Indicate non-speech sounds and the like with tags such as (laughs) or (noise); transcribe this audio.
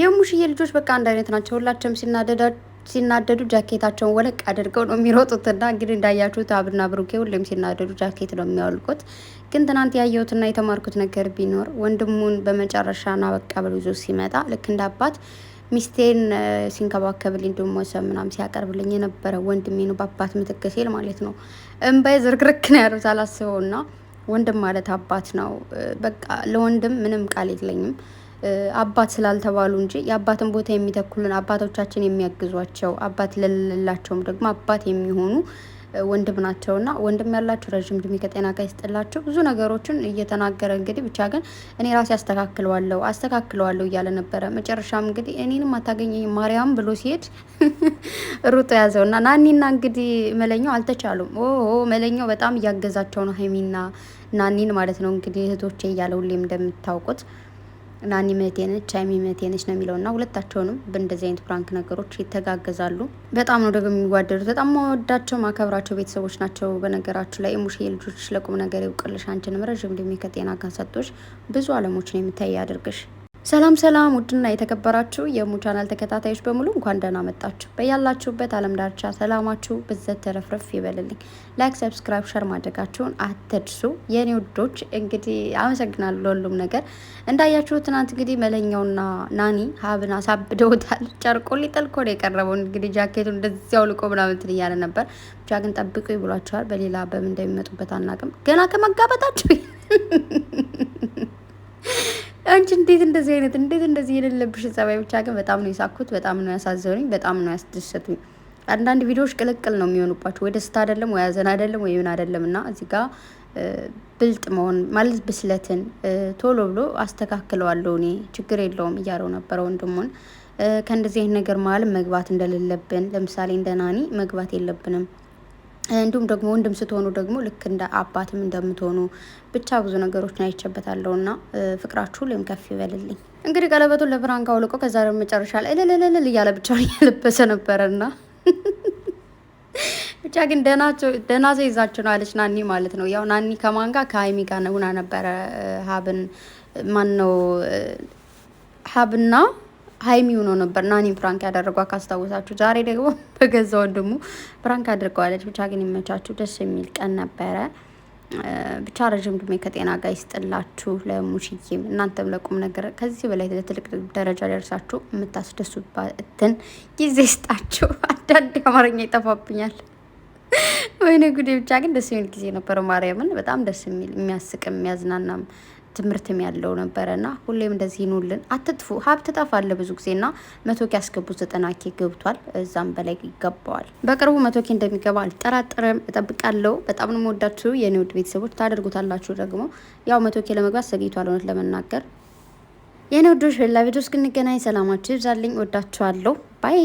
የሙሽዬ ልጆች በቃ አንድ አይነት ናቸው። ሁላቸውም ሲናደዱ ጃኬታቸውን ወለቅ አድርገው ነው የሚሮጡትና እንግዲህ እንዳያችሁት አብና ብሩኬ ሁሌም ሲናደዱ ጃኬት ነው የሚያወልቁት። ግን ትናንት ያየሁትና የተማርኩት ነገር ቢኖር ወንድሙን በመጨረሻ ና በቃ ብሎ ይዞ ሲመጣ ልክ እንደ አባት ሚስቴን ሲንከባከብልኝ ድሞሰ ምናምን ሲያቀርብልኝ የነበረ ወንድሜ ነው በአባት ምትክ ሲል ማለት ነው። እምባይ ዝርክርክ ነው ያሉት ና ወንድም ማለት አባት ነው። በቃ ለወንድም ምንም ቃል የለኝም። አባት ስላልተባሉ እንጂ የአባትን ቦታ የሚተኩልን አባቶቻችን የሚያግዟቸው አባት ለሌላቸውም ደግሞ አባት የሚሆኑ ወንድም ናቸውና ወንድም ያላቸው ረዥም እድሜ ከጤና ጋር ይስጥላቸው። ብዙ ነገሮችን እየተናገረ እንግዲህ ብቻ ግን እኔ ራሴ አስተካክለዋለሁ አስተካክለዋለሁ እያለ ነበረ። መጨረሻም እንግዲህ እኔንም አታገኘ ማርያም ብሎ ሲሄድ (laughs) ሩጦ ያዘው እና ናኒና እንግዲህ መለኛው አልተቻሉም። ኦ መለኛው በጣም እያገዛቸው ነው ሀይሚና ናኒን ማለት ነው እንግዲህ እህቶቼ እያለ ሁሌም እንደምታውቁት ናኒ እህቴ ነች፣ ሀይሚ እህቴ ነች ነው የሚለው እና ሁለታቸውንም በእንደዚህ አይነት ፕራንክ ነገሮች ይተጋገዛሉ። በጣም ነው ደግሞ የሚዋደዱት። በጣም መወዳቸው ማከብራቸው ቤተሰቦች ናቸው። በነገራችሁ ላይ ሙሽ የልጆች ለቁም ነገር ይውቅልሽ፣ አንቺንም ረዥም እድሜ ከጤና ጋር ሰጥቶሽ ብዙ አለሞችን የምታይ ያደርግሽ። ሰላም ሰላም ውድና የተከበራችሁ የሙ ቻናል ተከታታዮች በሙሉ እንኳን ደህና መጣችሁ። በያላችሁበት አለም ዳርቻ ሰላማችሁ ብዘት ተረፍረፍ ይበልልኝ። ላይክ፣ ሰብስክራይብ፣ ሸር ማድረጋችሁን አትርሱ የኔ ውዶች። እንግዲህ አመሰግናለሁ ለሁሉም ነገር። እንዳያችሁ ትናንት እንግዲህ መለኛውና ናኒ ሀብን አሳብደውታል። (laughs) ጨርቆ ሊጥል ነው የቀረበው። እንግዲህ ጃኬቱን እንደዚያው ልቆ ምናምን እያለ ነበር። ብቻ ግን ጠብቁ ይብሏቸዋል። በሌላ በምን እንደሚመጡበት አናቅም። ገና ከመጋበታችሁ (laughs) አንቺ እንዴት እንደዚህ አይነት እንዴት እንደዚህ የሌለብሽ ጸባይ። ብቻ ግን በጣም ነው የሳኩት፣ በጣም ነው ያሳዘኑኝ፣ በጣም ነው ያስደሰቱኝ። አንዳንድ ቪዲዮዎች ቅልቅል ነው የሚሆኑባቸው፣ ወይ ደስታ አይደለም፣ ወይ ሐዘን አይደለም፣ ወይ ምን አይደለም። እና እዚህ ጋር ብልጥ መሆን ማለት ብስለትን ቶሎ ብሎ አስተካክለዋለሁ እኔ ችግር የለውም እያለው ነበረ ወንድሙን ከእንደዚህ አይነት ነገር መሀል መግባት እንደሌለብን ለምሳሌ እንደ ናኒ መግባት የለብንም። እንዲሁም ደግሞ ወንድም ስትሆኑ ደግሞ ልክ እንደ አባትም እንደምትሆኑ ብቻ ብዙ ነገሮችን አይቼበታለሁ እና ፍቅራችሁ ሁሌም ከፍ ይበልልኝ። እንግዲህ ቀለበቱን ለብራንካ አውልቆ ከዛ ደግሞ መጨረሻ ላይ እልልልል እያለ ብቻውን እያለበሰ ነበረና (laughs) ብቻ ግን ደህና ሰው ይዛችሁ ነው አለች ናኒ ማለት ነው። ያው ናኒ ከማን ጋር ከሀይሚ ጋር ሁና ነበረ ሀብን ማን ነው ሀብና ሀይሚ ሆኖ ነበር ናኒን ፍራንክ ያደረጓ ካስታወሳችሁ። ዛሬ ደግሞ (laughs) በገዛ ወንድሙ ፍራንክ አድርገዋለች። ብቻ ግን ይመቻችሁ። ደስ የሚል ቀን ነበረ። ብቻ ረዥም ድሜ ከጤና ጋር ይስጥላችሁ። ለሙሽዬም እናንተም ለቁም ነገር ከዚህ በላይ ለትልቅ ደረጃ ደርሳችሁ የምታስደሱበትን ጊዜ ይስጣችሁ። (laughs) አንዳንድ አማርኛ ይጠፋብኛል። (laughs) ወይኔ ጉዴ! ብቻ ግን ደስ የሚል ጊዜ ነበረ። ማርያምን በጣም ደስ የሚል የሚያስቅም የሚያዝናናም ትምህርትም ያለው ነበረ ነበረና ሁሌም እንደዚህ ይኑልን፣ አትጥፉ። ሀብት ጠፋለ አለ ብዙ ጊዜና መቶ ኬ ያስገቡት ዘጠና ኬ ገብቷል፣ እዛም በላይ ይገባዋል። በቅርቡ መቶ ኬ እንደሚገባ አልጠራጠርም፣ እጠብቃለሁ። በጣም ነው የምወዳችሁ የኔ ውድ ቤተሰቦች፣ ታደርጉታላችሁ። ደግሞ ያው መቶ ኬ ለመግባት ዘግይቷል፣ እውነት ለመናገር የኔ ውዶች። ሌላ ቪዲዮ እስክንገናኝ ሰላማችሁ ይብዛልኝ። ወዳችኋለሁ። ባይ